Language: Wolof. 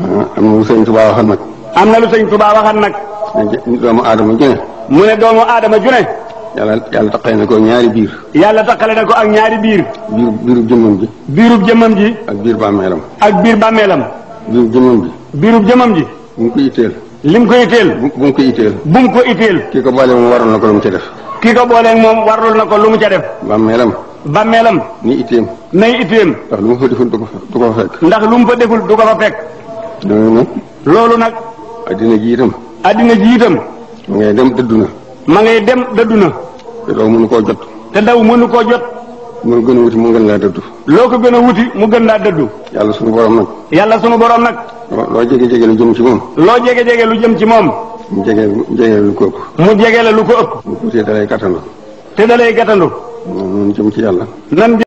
Ah, am na lu sëñ Tuba xam nag. am na lu sëñ Tuba waxan nag. ne doomu aadama ju ne. mu ne doomu aadama ju ne. yàlla yàlla na ko ñaari biir. yàlla taqale na ko ak ñaari biir. biir biirub jëmmam ji. biirub jëmmam ji. ak biir bàmmeelam. ak biir bàmmeelam. biirub jëmmam ji. biirub jëmmam mu ko itteel. lim ko itteel. bu mu ko itteel. bu mu ko itteel. kii ko boole moom warul na ko lu mu ca def. kii moom warul na ko lu mu ca def. bàmmeelam. bàmmeelam. ni itteem. nay itteem. ndax lu mu fa deful du ko fa fekk. ndax lu mu fa deful du ko fa fekk. loolu nag. loolu nag. àddina jiitam itam. addina ji itam. ma ngay dem dëddu na. ma ngay dem dëddu na. te daw mënu koo jot. te daw mënu koo jot. mu gën a wuti mu laa dëddu. loo ko gën a wuti mu gën laa dëddu. yàlla sunu borom nag. yàlla sunu borom nag. loo jege jege lu jëm ci moom. loo jege jege lu jëm ci moom. mu jege jege lu ko ëpp. mu jege la lu ko ëpp. bu tuutee dalay te dalay gàttandu. nan jëm ci yàlla.